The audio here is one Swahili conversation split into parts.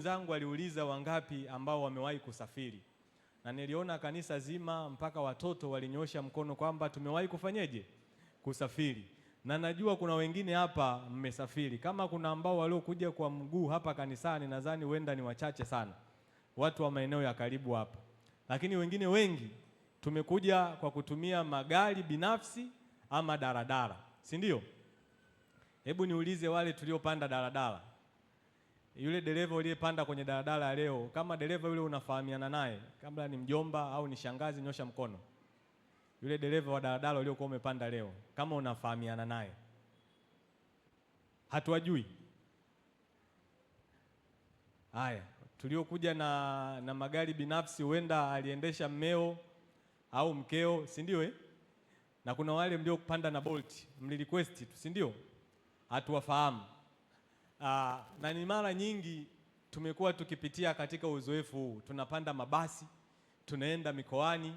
zangu aliuliza wangapi ambao wamewahi kusafiri, na niliona kanisa zima mpaka watoto walinyosha mkono kwamba tumewahi kufanyeje kusafiri, na najua kuna wengine hapa mmesafiri. Kama kuna ambao waliokuja kwa mguu hapa kanisani, nadhani huenda ni wachache sana, watu wa maeneo ya karibu hapa, lakini wengine wengi tumekuja kwa kutumia magari binafsi ama daradara, si ndio? Hebu niulize wale tuliopanda daradara yule dereva uliyepanda kwenye daladala leo, kama dereva yule unafahamiana naye, kabla ni mjomba au ni shangazi, nyosha mkono. Yule dereva wa daladala uliokuwa umepanda leo, kama unafahamiana naye. Hatuwajui haya tuliokuja na, na magari binafsi, huenda aliendesha mmeo au mkeo, si ndio eh? Na kuna wale mliokupanda na Bolt mli request tu, si ndio? Hatuwafahamu. Aa, ah, na ni mara nyingi tumekuwa tukipitia katika uzoefu huu, tunapanda mabasi tunaenda mikoani,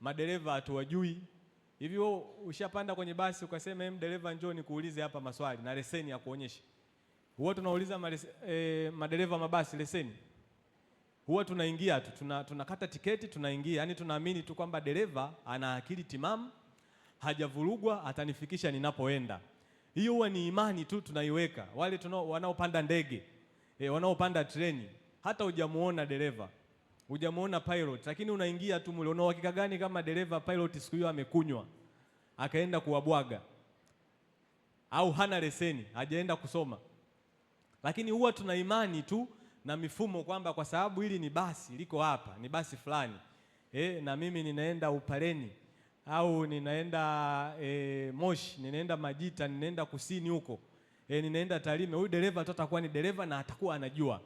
madereva hatuwajui. Hivyo ushapanda kwenye basi ukasema, hem, dereva njoo nikuulize hapa maswali na leseni ya kuonyesha. Huwa tunauliza e, madereva mabasi leseni, huwa tunaingia tu tuna, tunakata tiketi tunaingia, yani tunaamini tu kwamba dereva ana akili timamu, hajavurugwa, atanifikisha ninapoenda. Hiyo huwa ni imani tu tunaiweka. Wale tunao wanaopanda ndege, e, wanaopanda treni, hata hujamuona dereva, hujamuona pilot, lakini unaingia tu mule, una uhakika gani kama dereva pilot siku hiyo amekunywa akaenda kuwabwaga au hana leseni, hajaenda kusoma? Lakini huwa tuna imani tu na mifumo kwamba kwa sababu hili ni basi liko hapa, ni basi fulani, e, na mimi ninaenda Upaleni au ninaenda e, Moshi, ninaenda Majita, ninaenda kusini huko e, ninaenda Tarime, huyu dereva tu atakuwa ni dereva na atakuwa anajua.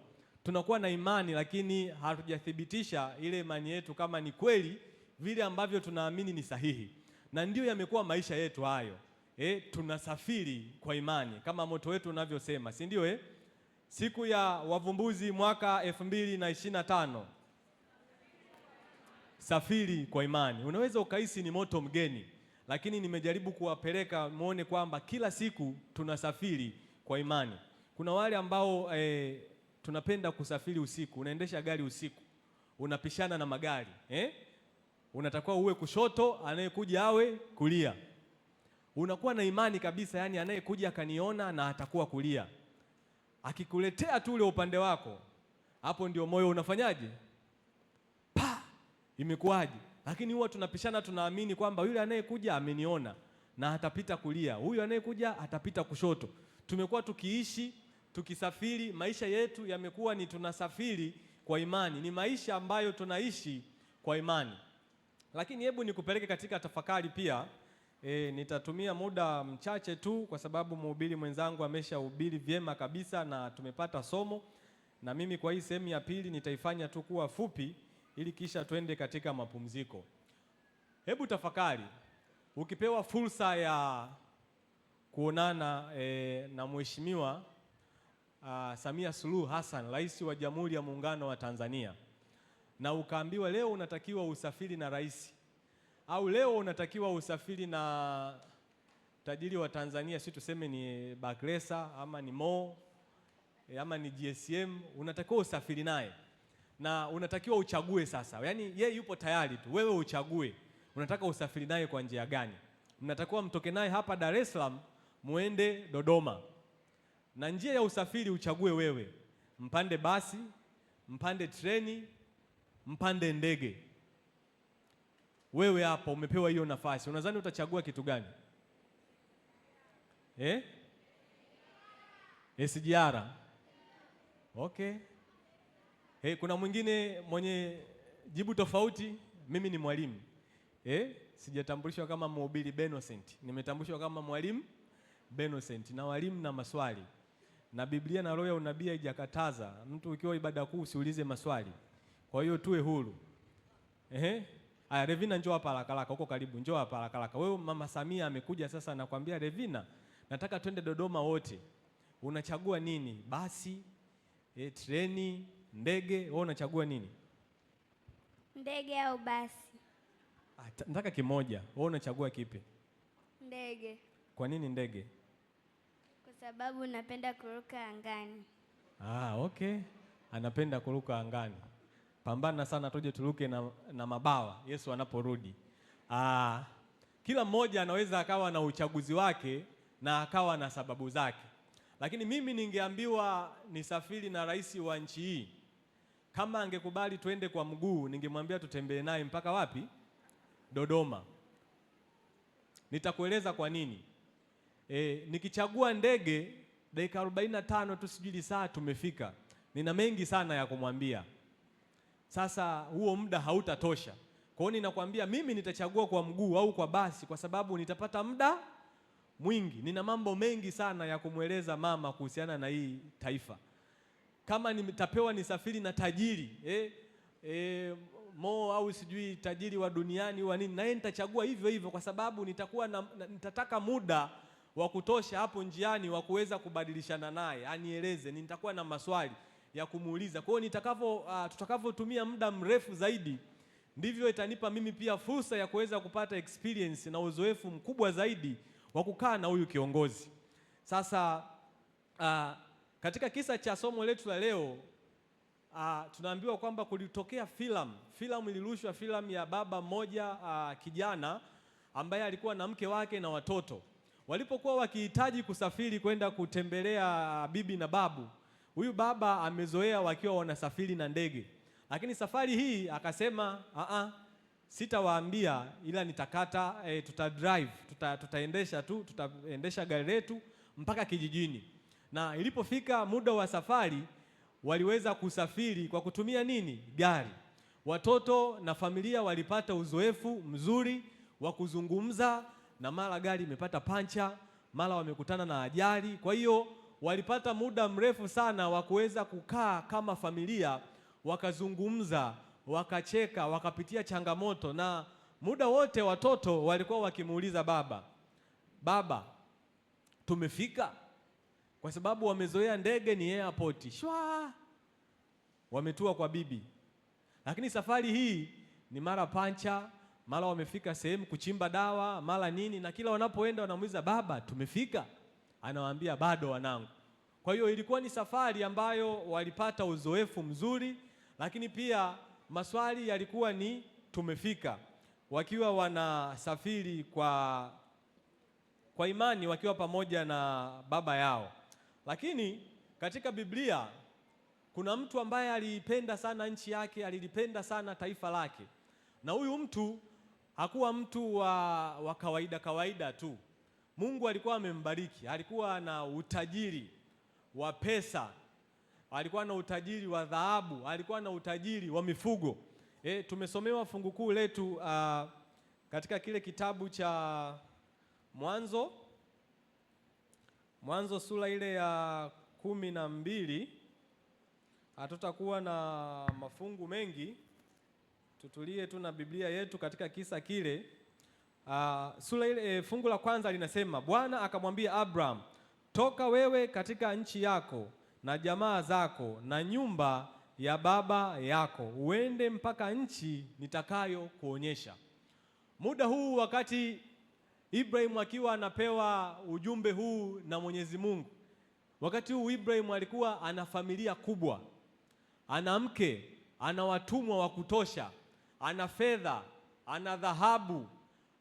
Tunakuwa na imani, lakini hatujathibitisha ile imani yetu kama ni kweli vile ambavyo tunaamini ni sahihi, na ndio yamekuwa maisha yetu hayo. E, tunasafiri kwa imani kama moto wetu unavyosema, si ndio? Eh, siku ya wavumbuzi mwaka elfu mbili na ishirini na tano safiri kwa imani. Unaweza ukahisi ni moto mgeni, lakini nimejaribu kuwapeleka muone kwamba kila siku tunasafiri kwa imani. Kuna wale ambao e, tunapenda kusafiri usiku. Unaendesha gari usiku, unapishana na magari eh? Unatakiwa uwe kushoto, anayekuja awe kulia. Unakuwa na imani kabisa, yani anayekuja akaniona na atakuwa kulia. Akikuletea tu ule upande wako, hapo ndio moyo unafanyaje? imekuwaje? Lakini huwa tunapishana, tunaamini kwamba yule anayekuja ameniona na atapita kulia, huyu anayekuja atapita kushoto. Tumekuwa tukiishi tukisafiri, maisha yetu yamekuwa ni tunasafiri kwa imani, ni maisha ambayo tunaishi kwa imani. Lakini hebu nikupeleke katika tafakari pia. E, nitatumia muda mchache tu kwa sababu mhubiri mwenzangu ameshahubiri vyema kabisa na tumepata somo, na mimi kwa hii sehemu ya pili nitaifanya tu kuwa fupi ili kisha twende katika mapumziko. Hebu tafakari, ukipewa fursa ya kuonana e, na Mheshimiwa ah, Samia Suluhu Hassan, Rais wa Jamhuri ya Muungano wa Tanzania, na ukaambiwa leo unatakiwa usafiri na rais au leo unatakiwa usafiri na tajiri wa Tanzania, si tuseme ni Bakresa ama ni Mo eh, ama ni GSM, unatakiwa usafiri naye na unatakiwa uchague sasa. Yaani ye yupo tayari tu, wewe uchague unataka usafiri naye kwa njia gani. Mnatakiwa mtoke naye hapa Dar es Salaam muende Dodoma, na njia ya usafiri uchague wewe, mpande basi, mpande treni, mpande ndege. Wewe hapo umepewa hiyo nafasi, unadhani utachagua kitu gani eh? SGR. Okay. E, kuna mwingine mwenye jibu tofauti. Mimi ni mwalimu e, sijatambulishwa kama mhubiri Benocent, nimetambulishwa kama mwalimu Benocent na walimu na maswali na Biblia na roho ya unabii haijakataza mtu ukiwa ibada kuu usiulize maswali. Kwa hiyo tuwe huru. Ehe. Aya, Revina njoo hapa haraka haraka, huko karibu, njoo hapa haraka haraka. Wewe mama Samia amekuja sasa, anakwambia Revina, nataka twende Dodoma wote. Unachagua nini? Basi, e, treni, ndege, wewe unachagua nini? Ndege au basi? Ah, nataka kimoja, wewe unachagua kipi? Ndege. Kwa nini ndege? Kwa sababu napenda kuruka angani. Ah, okay, anapenda kuruka angani. Pambana sana, tuje turuke na, na mabawa Yesu anaporudi. Ah, kila mmoja anaweza akawa na uchaguzi wake na akawa na sababu zake, lakini mimi ningeambiwa nisafiri na rais wa nchi hii kama angekubali twende kwa mguu, ningemwambia tutembee naye mpaka wapi? Dodoma. Nitakueleza kwa nini. E, nikichagua ndege dakika 45 tu sijui saa tumefika. Nina mengi sana ya kumwambia. Sasa huo muda hautatosha. Kwa hiyo ninakwambia mimi nitachagua kwa mguu au kwa basi kwa sababu nitapata muda mwingi. Nina mambo mengi sana ya kumweleza mama kuhusiana na hii taifa kama nitapewa nisafiri na tajiri eh, eh, mo au sijui tajiri wa duniani wa nini, naye nitachagua hivyo hivyo, kwa sababu nitakuwa na, nitataka muda wa kutosha hapo njiani wa kuweza kubadilishana naye anieleze, nitakuwa na maswali ya kumuuliza. Kwa hiyo nitakavyo uh, tutakavyotumia muda mrefu zaidi ndivyo itanipa mimi pia fursa ya kuweza kupata experience na uzoefu mkubwa zaidi wa kukaa na huyu kiongozi. Sasa uh, katika kisa cha somo letu la leo uh, tunaambiwa kwamba kulitokea filamu, filamu ilirushwa, filamu ya baba mmoja uh, kijana ambaye alikuwa na mke wake na watoto. Walipokuwa wakihitaji kusafiri kwenda kutembelea ah, bibi na babu, huyu baba amezoea wakiwa wanasafiri na ndege, lakini safari hii akasema a sitawaambia, ila nitakata e, tuta drive, tuta, tutaendesha tu tutaendesha gari letu mpaka kijijini na ilipofika muda wa safari waliweza kusafiri kwa kutumia nini? Gari. Watoto na familia walipata uzoefu mzuri wa kuzungumza, na mara gari imepata pancha, mara wamekutana na ajali. Kwa hiyo walipata muda mrefu sana wa kuweza kukaa kama familia, wakazungumza, wakacheka, wakapitia changamoto, na muda wote watoto walikuwa wakimuuliza baba, baba, tumefika kwa sababu wamezoea ndege ni airport shwa, wametua kwa bibi. Lakini safari hii ni mara pancha, mara wamefika sehemu kuchimba dawa, mara nini, na kila wanapoenda wanamuuliza baba, tumefika? Anawaambia bado wanangu. Kwa hiyo ilikuwa ni safari ambayo walipata uzoefu mzuri, lakini pia maswali yalikuwa ni tumefika, wakiwa wanasafiri kwa, kwa imani, wakiwa pamoja na baba yao. Lakini katika Biblia kuna mtu ambaye aliipenda sana nchi yake, alilipenda sana taifa lake, na huyu mtu hakuwa mtu wa, wa kawaida kawaida tu. Mungu alikuwa amembariki, alikuwa na utajiri wa pesa, alikuwa na utajiri wa dhahabu, alikuwa na utajiri wa mifugo. E, tumesomewa fungu kuu letu uh, katika kile kitabu cha Mwanzo Mwanzo sura ile ya kumi na mbili. Hatutakuwa na mafungu mengi, tutulie tu na Biblia yetu katika kisa kile. Uh, sura ile eh, fungu la kwanza linasema, Bwana akamwambia Abraham, toka wewe katika nchi yako na jamaa zako na nyumba ya baba yako uende mpaka nchi nitakayo kuonyesha. Muda huu wakati Ibrahimu akiwa anapewa ujumbe huu na Mwenyezi Mungu, wakati huu Ibrahimu alikuwa ana familia kubwa, ana mke, ana watumwa wa kutosha, ana fedha, ana dhahabu,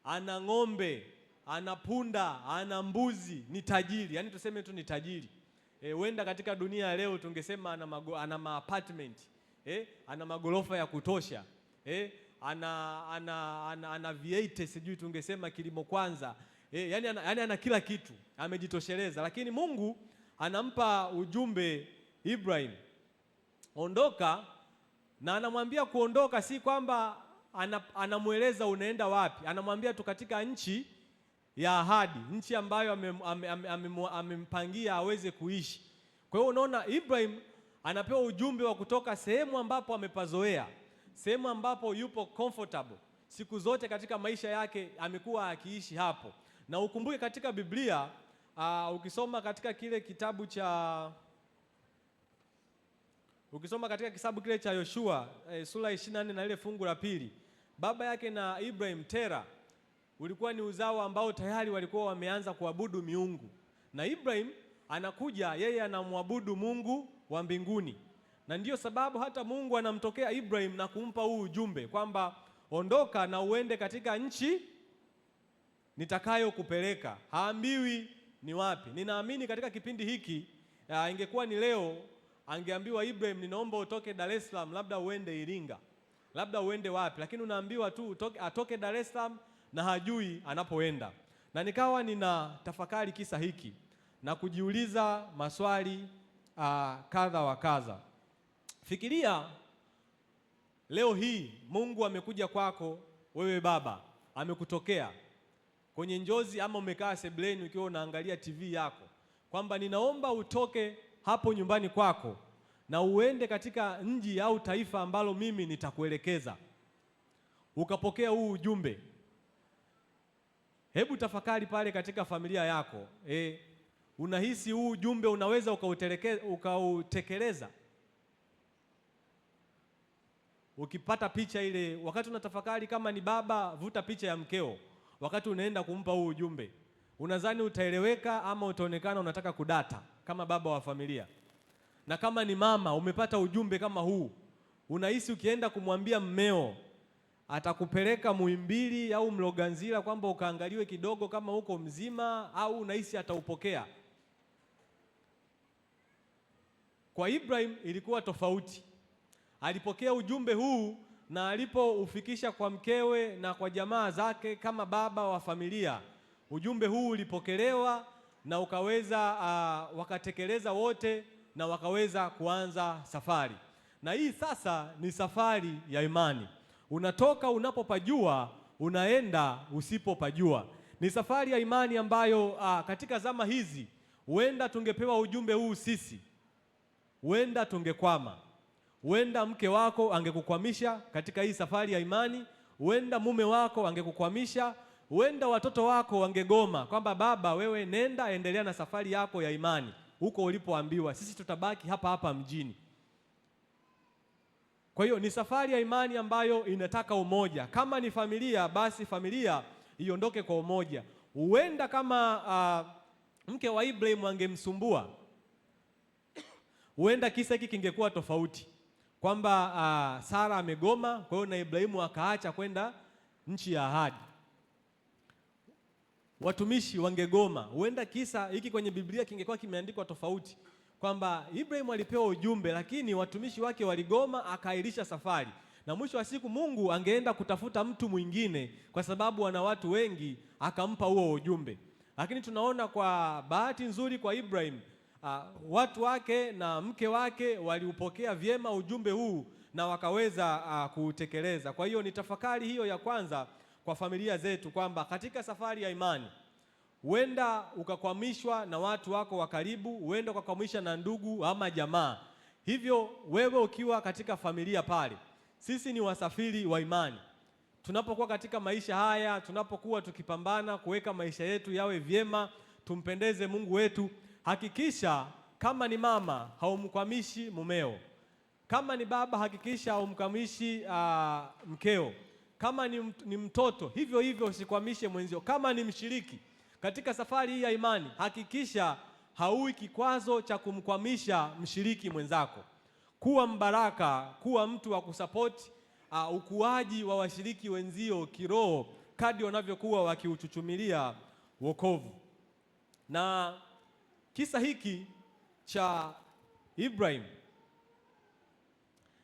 ana ng'ombe, ana punda, ana mbuzi, ni tajiri. Yaani tuseme tu ni tajiri. E, huenda wenda katika dunia ya leo tungesema ana ana ma apartment, e, ana magorofa ya kutosha e, ana ana, ana, ana ana 8 sijui tungesema kilimo kwanza e, yani, ana, yani ana kila kitu amejitosheleza, lakini Mungu anampa ujumbe Ibrahim, ondoka, na anamwambia kuondoka, si kwamba anamweleza unaenda wapi, anamwambia tu katika nchi ya ahadi, nchi ambayo amempangia ame, ame aweze kuishi. Kwa hiyo unaona Ibrahim anapewa ujumbe wa kutoka sehemu ambapo amepazoea sehemu ambapo yupo comfortable siku zote katika maisha yake amekuwa akiishi hapo. Na ukumbuke katika Biblia uh, ukisoma katika kile kitabu cha ukisoma katika kitabu kile cha Yoshua eh, sura 24 na ile fungu la pili, baba yake na Ibrahim Tera ulikuwa ni uzao ambao tayari walikuwa wameanza kuabudu miungu, na Ibrahim anakuja yeye anamwabudu Mungu wa mbinguni na ndiyo sababu hata Mungu anamtokea Ibrahim na kumpa huu ujumbe kwamba ondoka na uende katika nchi nitakayokupeleka. Haambiwi ni wapi. Ninaamini katika kipindi hiki ya, ingekuwa ni leo angeambiwa Ibrahim, ninaomba utoke Dar es Salaam, labda uende Iringa, labda uende wapi, lakini unaambiwa tu utoke, atoke Dar es Salaam na hajui anapoenda. Na nikawa nina tafakari kisa hiki na kujiuliza maswali uh, kadha wa kadha. Fikiria leo hii Mungu amekuja kwako wewe baba, amekutokea kwenye njozi ama umekaa sebuleni ukiwa unaangalia TV yako kwamba ninaomba utoke hapo nyumbani kwako na uende katika nji au taifa ambalo mimi nitakuelekeza. Ukapokea huu ujumbe. Hebu tafakari pale katika familia yako. E, unahisi huu ujumbe unaweza ukautekeleza? ukipata picha ile, wakati unatafakari kama ni baba, vuta picha ya mkeo, wakati unaenda kumpa huu ujumbe, unadhani utaeleweka ama utaonekana unataka kudata kama baba wa familia? Na kama ni mama, umepata ujumbe kama huu, unahisi ukienda kumwambia mmeo atakupeleka Muhimbili au Mloganzila kwamba ukaangaliwe kidogo kama uko mzima, au unahisi ataupokea? Kwa Ibrahim ilikuwa tofauti. Alipokea ujumbe huu na alipoufikisha kwa mkewe na kwa jamaa zake kama baba wa familia, ujumbe huu ulipokelewa na ukaweza uh, wakatekeleza wote na wakaweza kuanza safari. Na hii sasa ni safari ya imani. Unatoka unapopajua unaenda usipopajua. Ni safari ya imani ambayo uh, katika zama hizi huenda tungepewa ujumbe huu sisi, huenda tungekwama. Huenda mke wako angekukwamisha katika hii safari ya imani, huenda mume wako angekukwamisha, huenda watoto wako wangegoma kwamba baba, wewe nenda, endelea na safari yako ya imani huko ulipoambiwa, sisi tutabaki hapa hapa mjini. Kwa hiyo ni safari ya imani ambayo inataka umoja. Kama ni familia, basi familia iondoke kwa umoja. Huenda kama uh, mke wa Ibrahim angemsumbua, huenda kisa hiki kingekuwa tofauti kwamba uh, Sara amegoma, kwa hiyo na Ibrahimu akaacha kwenda nchi ya ahadi. Watumishi wangegoma, huenda kisa hiki kwenye Biblia kingekuwa kimeandikwa tofauti, kwamba Ibrahimu alipewa ujumbe, lakini watumishi wake waligoma, akaahirisha safari, na mwisho wa siku Mungu angeenda kutafuta mtu mwingine, kwa sababu ana watu wengi, akampa huo ujumbe. Lakini tunaona kwa bahati nzuri kwa Ibrahimu uh, watu wake na mke wake waliupokea vyema ujumbe huu na wakaweza uh, kuutekeleza. Kwa hiyo ni tafakari hiyo ya kwanza kwa familia zetu kwamba katika safari ya imani huenda ukakwamishwa na watu wako wa karibu, huenda ukakwamisha na ndugu ama jamaa. Hivyo wewe ukiwa katika familia pale, sisi ni wasafiri wa imani. Tunapokuwa katika maisha haya, tunapokuwa tukipambana kuweka maisha yetu yawe vyema, tumpendeze Mungu wetu, hakikisha kama ni mama haumkwamishi mumeo, kama ni baba hakikisha haumkwamishi uh, mkeo, kama ni, ni mtoto hivyo hivyo usikwamishe mwenzio, kama ni mshiriki katika safari hii ya imani hakikisha haui kikwazo cha kumkwamisha mshiriki mwenzako. Kuwa mbaraka, kuwa mtu wa kusapoti uh, ah, ukuaji wa washiriki wenzio kiroho kadri wanavyokuwa wakiuchuchumilia wokovu na Kisa hiki cha Ibrahim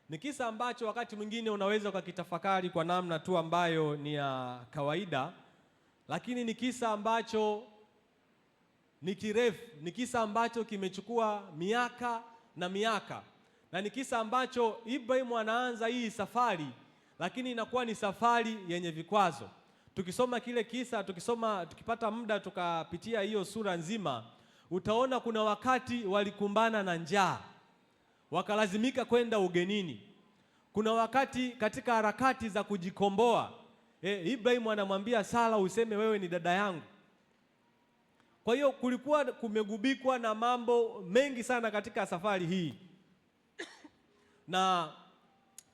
ni kisa ambacho wakati mwingine unaweza ukakitafakari kwa namna tu ambayo ni ya kawaida, lakini ni kisa ambacho ni kirefu, ni kisa ambacho kimechukua miaka na miaka, na ni kisa ambacho Ibrahim anaanza hii safari, lakini inakuwa ni safari yenye vikwazo. Tukisoma kile kisa, tukisoma, tukipata muda tukapitia hiyo sura nzima Utaona kuna wakati walikumbana na njaa wakalazimika kwenda ugenini. Kuna wakati katika harakati za kujikomboa e, Ibrahimu anamwambia Sara, useme wewe ni dada yangu. Kwa hiyo kulikuwa kumegubikwa na mambo mengi sana katika safari hii, na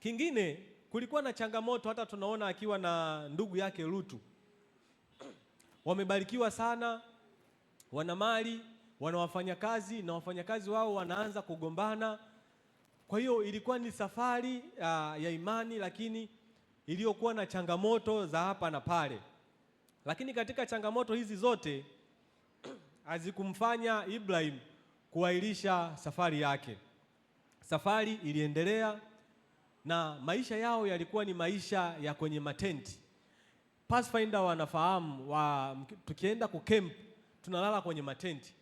kingine kulikuwa na changamoto. Hata tunaona akiwa na ndugu yake Lutu, wamebarikiwa sana, wana mali wana wafanyakazi na wafanyakazi wao wanaanza kugombana. Kwa hiyo ilikuwa ni safari uh, ya imani lakini iliyokuwa na changamoto za hapa na pale, lakini katika changamoto hizi zote hazikumfanya Ibrahim kuahirisha safari yake. Safari iliendelea na maisha yao yalikuwa ni maisha ya kwenye matenti. Pathfinder wanafahamu wa, tukienda ku camp tunalala kwenye matenti.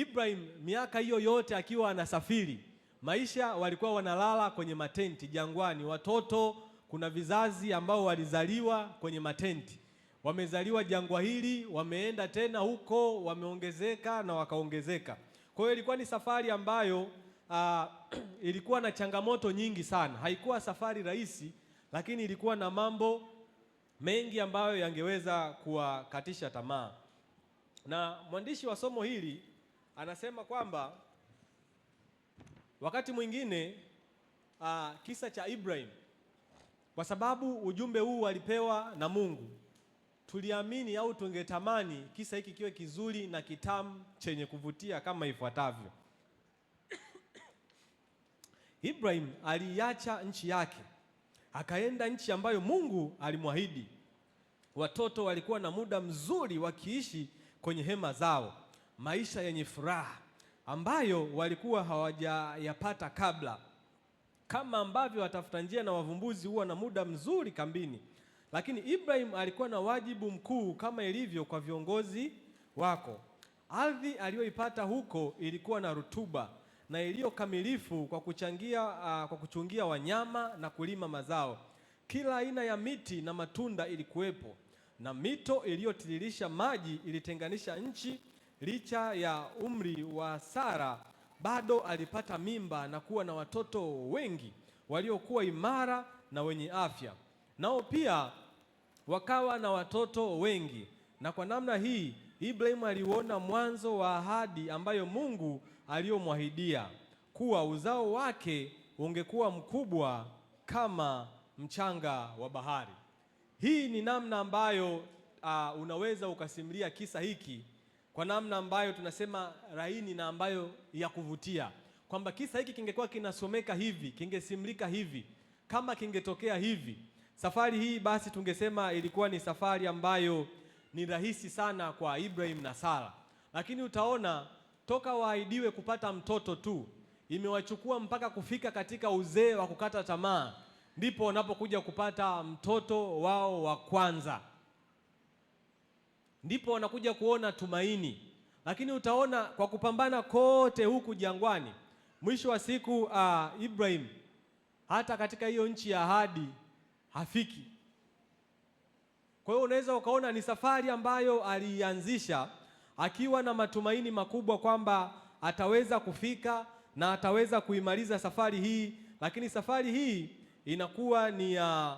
Ibrahim miaka hiyo yote akiwa anasafiri, maisha walikuwa wanalala kwenye matenti jangwani, watoto kuna vizazi ambao walizaliwa kwenye matenti, wamezaliwa jangwa hili, wameenda tena huko, wameongezeka na wakaongezeka. Kwa hiyo ilikuwa ni safari ambayo aa, ah, ilikuwa na changamoto nyingi sana, haikuwa safari rahisi, lakini ilikuwa na mambo mengi ambayo yangeweza kuwakatisha tamaa, na mwandishi wa somo hili anasema kwamba wakati mwingine uh, kisa cha Ibrahim, kwa sababu ujumbe huu alipewa na Mungu, tuliamini au tungetamani kisa hiki kiwe kizuri na kitamu chenye kuvutia kama ifuatavyo. Ibrahim aliiacha nchi yake akaenda nchi ambayo Mungu alimwahidi. Watoto walikuwa na muda mzuri wakiishi kwenye hema zao maisha yenye furaha ambayo walikuwa hawajayapata kabla, kama ambavyo watafuta njia na wavumbuzi huwa na muda mzuri kambini. Lakini Ibrahim alikuwa na wajibu mkuu kama ilivyo kwa viongozi wako. Ardhi aliyoipata huko ilikuwa na rutuba na iliyo kamilifu kwa kuchangia, uh, kwa kuchungia wanyama na kulima mazao. Kila aina ya miti na matunda ilikuwepo na mito iliyotiririsha maji ilitenganisha nchi Licha ya umri wa Sara, bado alipata mimba na kuwa na watoto wengi waliokuwa imara na wenye afya, nao pia wakawa na watoto wengi. Na kwa namna hii Ibrahimu aliuona mwanzo wa ahadi ambayo Mungu aliyomwahidia kuwa uzao wake ungekuwa mkubwa kama mchanga wa bahari. Hii ni namna ambayo uh, unaweza ukasimulia kisa hiki kwa namna ambayo tunasema raini na ambayo ya kuvutia, kwamba kisa hiki kingekuwa kinasomeka hivi, kingesimlika hivi, kama kingetokea hivi safari hii, basi tungesema ilikuwa ni safari ambayo ni rahisi sana kwa Ibrahim na Sara. Lakini utaona toka waahidiwe kupata mtoto tu imewachukua mpaka kufika katika uzee wa kukata tamaa, ndipo wanapokuja kupata mtoto wao wa kwanza ndipo wanakuja kuona tumaini. Lakini utaona kwa kupambana kote huku jangwani, mwisho wa siku uh, Ibrahim hata katika hiyo nchi ya ahadi hafiki. Kwa hiyo unaweza ukaona ni safari ambayo alianzisha akiwa na matumaini makubwa kwamba ataweza kufika na ataweza kuimaliza safari hii, lakini safari hii inakuwa ni, uh,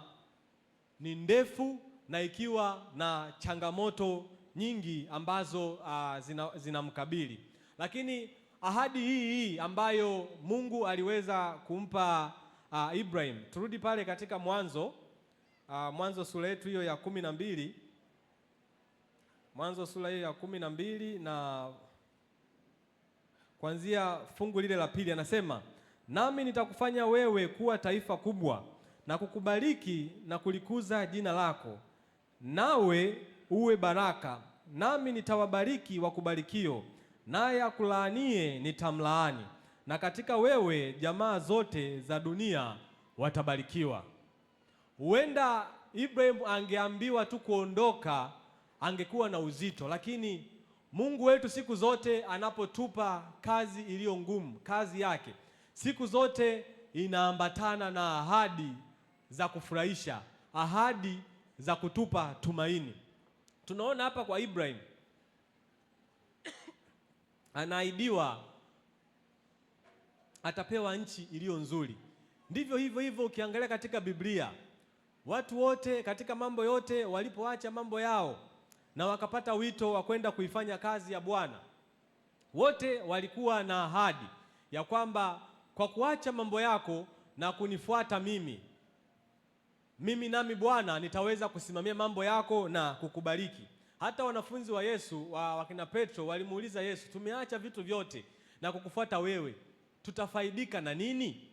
ni ndefu na ikiwa na changamoto nyingi ambazo uh, zina, zinamkabili, lakini ahadi hii hii ambayo Mungu aliweza kumpa uh, Ibrahim. Turudi pale katika Mwanzo uh, Mwanzo sura yetu hiyo ya kumi na mbili Mwanzo sura hiyo ya kumi na mbili na kuanzia fungu lile la pili, anasema nami nitakufanya wewe kuwa taifa kubwa na kukubariki na kulikuza jina lako, nawe uwe baraka nami nitawabariki wakubarikio, naye akulaanie nitamlaani, na katika wewe jamaa zote za dunia watabarikiwa. Huenda Ibrahimu angeambiwa tu kuondoka, angekuwa na uzito, lakini Mungu wetu siku zote anapotupa kazi iliyo ngumu, kazi yake siku zote inaambatana na ahadi za kufurahisha, ahadi za kutupa tumaini. Tunaona hapa kwa Ibrahim anaahidiwa atapewa nchi iliyo nzuri. Ndivyo hivyo hivyo, ukiangalia katika Biblia, watu wote katika mambo yote walipoacha mambo yao na wakapata wito wa kwenda kuifanya kazi ya Bwana, wote walikuwa na ahadi ya kwamba kwa kuacha mambo yako na kunifuata mimi mimi nami Bwana nitaweza kusimamia mambo yako na kukubariki. Hata wanafunzi wa Yesu wa wakina Petro walimuuliza Yesu, tumeacha vitu vyote na kukufuata wewe, tutafaidika na nini?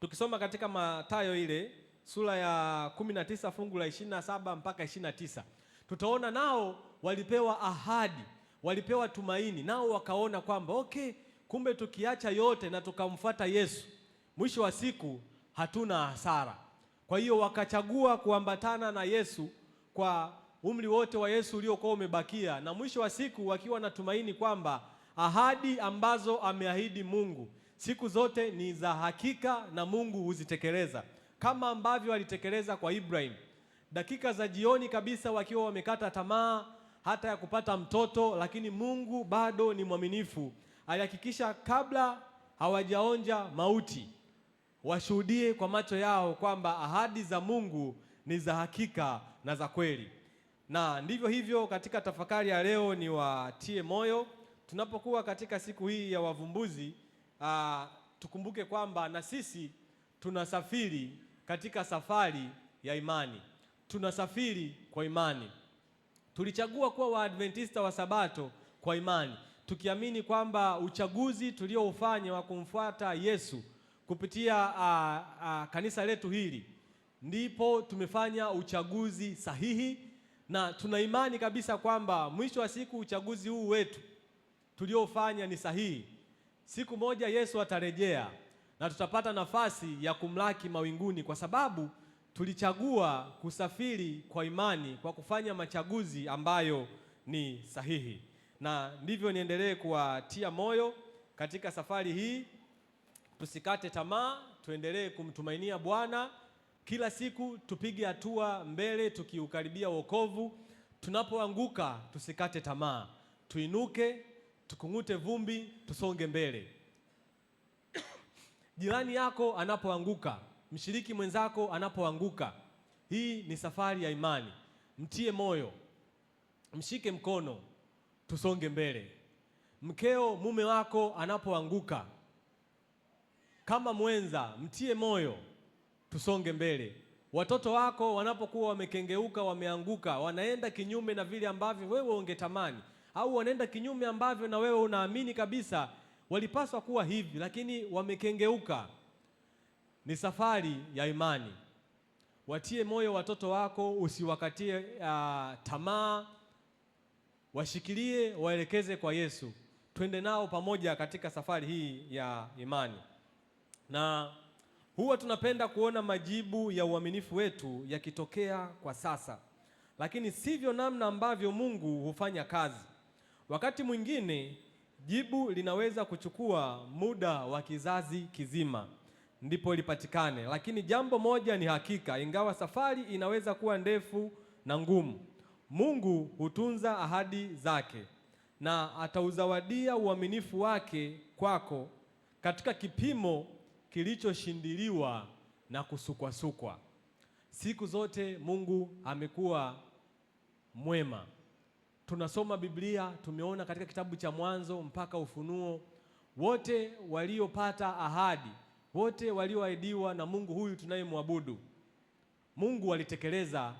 Tukisoma katika Mathayo ile sura ya 19 fungu la 27 mpaka 29, tutaona nao walipewa ahadi, walipewa tumaini, nao wakaona kwamba okay, kumbe tukiacha yote na tukamfuata Yesu, mwisho wa siku hatuna hasara. Kwa hiyo wakachagua kuambatana na Yesu kwa umri wote wa Yesu uliokuwa umebakia, na mwisho wa siku wakiwa na tumaini kwamba ahadi ambazo ameahidi Mungu siku zote ni za hakika na Mungu huzitekeleza, kama ambavyo alitekeleza kwa Ibrahim. Dakika za jioni kabisa, wakiwa wamekata tamaa hata ya kupata mtoto, lakini Mungu bado ni mwaminifu, alihakikisha kabla hawajaonja mauti washuhudie kwa macho yao kwamba ahadi za Mungu ni za hakika na za kweli. Na ndivyo hivyo katika tafakari ya leo ni watie moyo tunapokuwa katika siku hii ya wavumbuzi aa, ah, tukumbuke kwamba na sisi tunasafiri katika safari ya imani, tunasafiri kwa imani. Tulichagua kuwa Waadventista wa Sabato kwa imani, tukiamini kwamba uchaguzi tulioufanya wa kumfuata Yesu kupitia a, a, kanisa letu hili ndipo tumefanya uchaguzi sahihi, na tuna imani kabisa kwamba mwisho wa siku uchaguzi huu wetu tuliofanya ni sahihi. Siku moja Yesu atarejea na tutapata nafasi ya kumlaki mawinguni, kwa sababu tulichagua kusafiri kwa imani, kwa kufanya machaguzi ambayo ni sahihi. Na ndivyo niendelee kuwatia moyo katika safari hii tusikate tamaa, tuendelee kumtumainia Bwana kila siku, tupige hatua mbele tukiukaribia wokovu. Tunapoanguka tusikate tamaa, tuinuke, tukung'ute vumbi, tusonge mbele. Jirani yako anapoanguka, mshiriki mwenzako anapoanguka, hii ni safari ya imani. Mtie moyo, mshike mkono, tusonge mbele. Mkeo, mume wako anapoanguka kama mwenza mtie moyo, tusonge mbele. Watoto wako wanapokuwa wamekengeuka, wameanguka, wanaenda kinyume na vile ambavyo wewe ungetamani, au wanaenda kinyume ambavyo na wewe unaamini kabisa walipaswa kuwa hivi, lakini wamekengeuka. Ni safari ya imani. Watie moyo watoto wako, usiwakatie uh, tamaa, washikilie, waelekeze kwa Yesu. Twende nao pamoja katika safari hii ya imani na huwa tunapenda kuona majibu ya uaminifu wetu yakitokea kwa sasa, lakini sivyo namna ambavyo Mungu hufanya kazi. Wakati mwingine jibu linaweza kuchukua muda wa kizazi kizima ndipo lipatikane, lakini jambo moja ni hakika, ingawa safari inaweza kuwa ndefu na ngumu, Mungu hutunza ahadi zake na atauzawadia uaminifu wake kwako katika kipimo kilichoshindiliwa na kusukwasukwa. Siku zote Mungu amekuwa mwema. Tunasoma Biblia, tumeona katika kitabu cha Mwanzo mpaka Ufunuo, wote waliopata ahadi, wote walioahidiwa na Mungu huyu tunayemwabudu, Mungu alitekeleza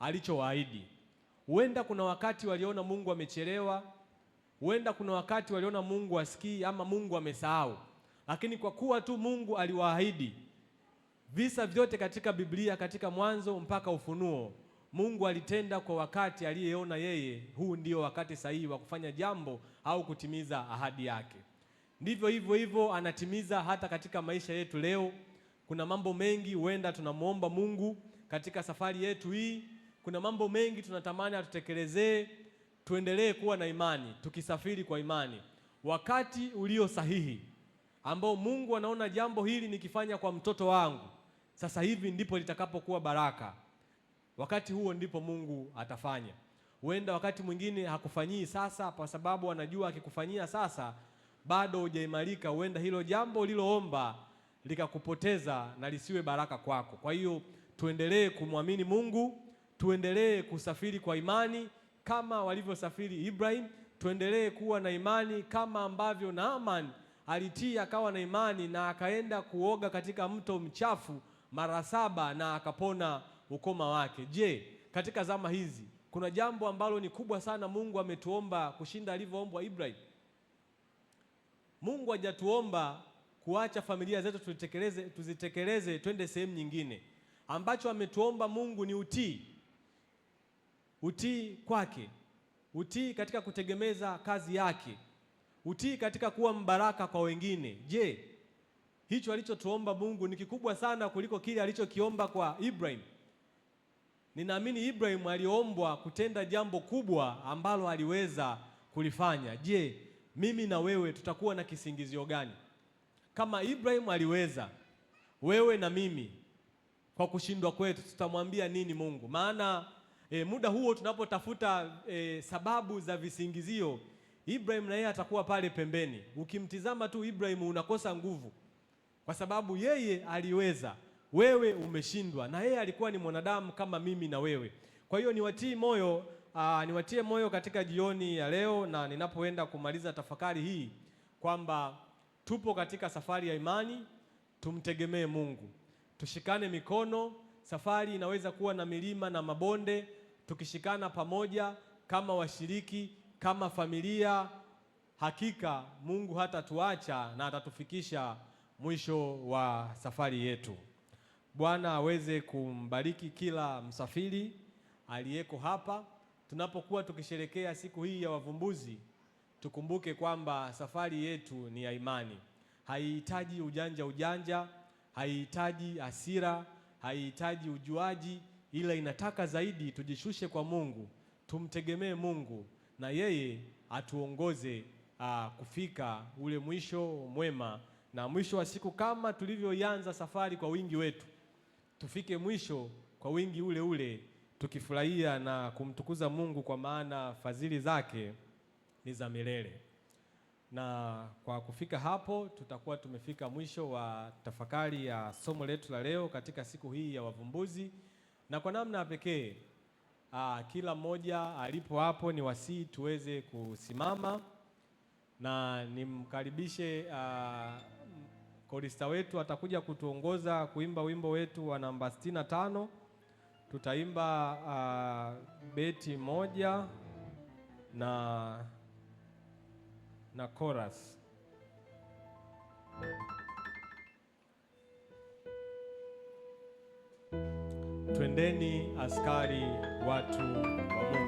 alichowaahidi. Huenda kuna wakati waliona Mungu amechelewa, huenda kuna wakati waliona Mungu asikii ama Mungu amesahau wa lakini kwa kuwa tu Mungu aliwaahidi visa vyote katika Biblia, katika Mwanzo mpaka Ufunuo, Mungu alitenda kwa wakati aliyeona yeye huu ndio wakati sahihi wa kufanya jambo au kutimiza ahadi yake. Ndivyo hivyo hivyo anatimiza hata katika maisha yetu leo. Kuna mambo mengi huenda tunamwomba Mungu katika safari yetu hii. Kuna mambo mengi tunatamani atutekelezee. Tuendelee kuwa na imani, tukisafiri kwa imani, wakati ulio sahihi ambao Mungu anaona jambo hili nikifanya kwa mtoto wangu, sasa hivi ndipo litakapokuwa baraka. Wakati huo ndipo Mungu atafanya. Huenda wakati mwingine hakufanyii sasa, kwa sababu anajua akikufanyia sasa bado hujaimarika, huenda hilo jambo uliloomba likakupoteza na lisiwe baraka kwako. Kwa hiyo tuendelee kumwamini Mungu, tuendelee kusafiri kwa imani kama walivyosafiri Ibrahim, tuendelee kuwa na imani kama ambavyo Naaman alitii akawa na imani na akaenda kuoga katika mto mchafu mara saba na akapona ukoma wake. Je, katika zama hizi kuna jambo ambalo ni kubwa sana Mungu ametuomba kushinda alivyoombwa Ibrahim? Mungu hajatuomba kuacha familia zetu tuzitekeleze, tuzitekeleze twende sehemu nyingine. Ambacho ametuomba Mungu ni utii, utii kwake, utii katika kutegemeza kazi yake utii katika kuwa mbaraka kwa wengine. Je, hicho alichotuomba Mungu ni kikubwa sana kuliko kile alichokiomba kwa Ibrahim? Ninaamini Ibrahim aliombwa kutenda jambo kubwa ambalo aliweza kulifanya. Je, mimi na wewe tutakuwa na kisingizio gani? Kama Ibrahim aliweza, wewe na mimi kwa kushindwa kwetu tutamwambia nini Mungu? Maana e, muda huo tunapotafuta e, sababu za visingizio Ibrahim na yeye atakuwa pale pembeni. Ukimtizama tu Ibrahim unakosa nguvu, kwa sababu yeye aliweza, wewe umeshindwa, na yeye alikuwa ni mwanadamu kama mimi na wewe. Kwa hiyo niwatie moyo aa, ah, niwatie moyo katika jioni ya leo na ninapoenda kumaliza tafakari hii kwamba tupo katika safari ya imani, tumtegemee Mungu, tushikane mikono. Safari inaweza kuwa na milima na mabonde, tukishikana pamoja kama washiriki kama familia, hakika Mungu hatatuacha na atatufikisha mwisho wa safari yetu. Bwana aweze kumbariki kila msafiri aliyeko hapa. Tunapokuwa tukisherekea siku hii ya wavumbuzi, tukumbuke kwamba safari yetu ni ya imani. Haihitaji ujanja ujanja, haihitaji hasira, haihitaji ujuaji, ila inataka zaidi tujishushe kwa Mungu, tumtegemee Mungu na yeye atuongoze uh, kufika ule mwisho mwema, na mwisho wa siku kama tulivyoianza safari kwa wingi wetu, tufike mwisho kwa wingi ule ule tukifurahia na kumtukuza Mungu kwa maana fadhili zake ni za milele. Na kwa kufika hapo tutakuwa tumefika mwisho wa tafakari ya somo letu la leo katika siku hii ya wavumbuzi, na kwa namna ya pekee aa, ah, kila mmoja alipo hapo ni wasii tuweze kusimama na nimkaribishe ah, korista wetu atakuja kutuongoza kuimba wimbo wetu wa namba 65. Tutaimba aa, ah, beti moja na na chorus. twendeni askari watu wa Mungu.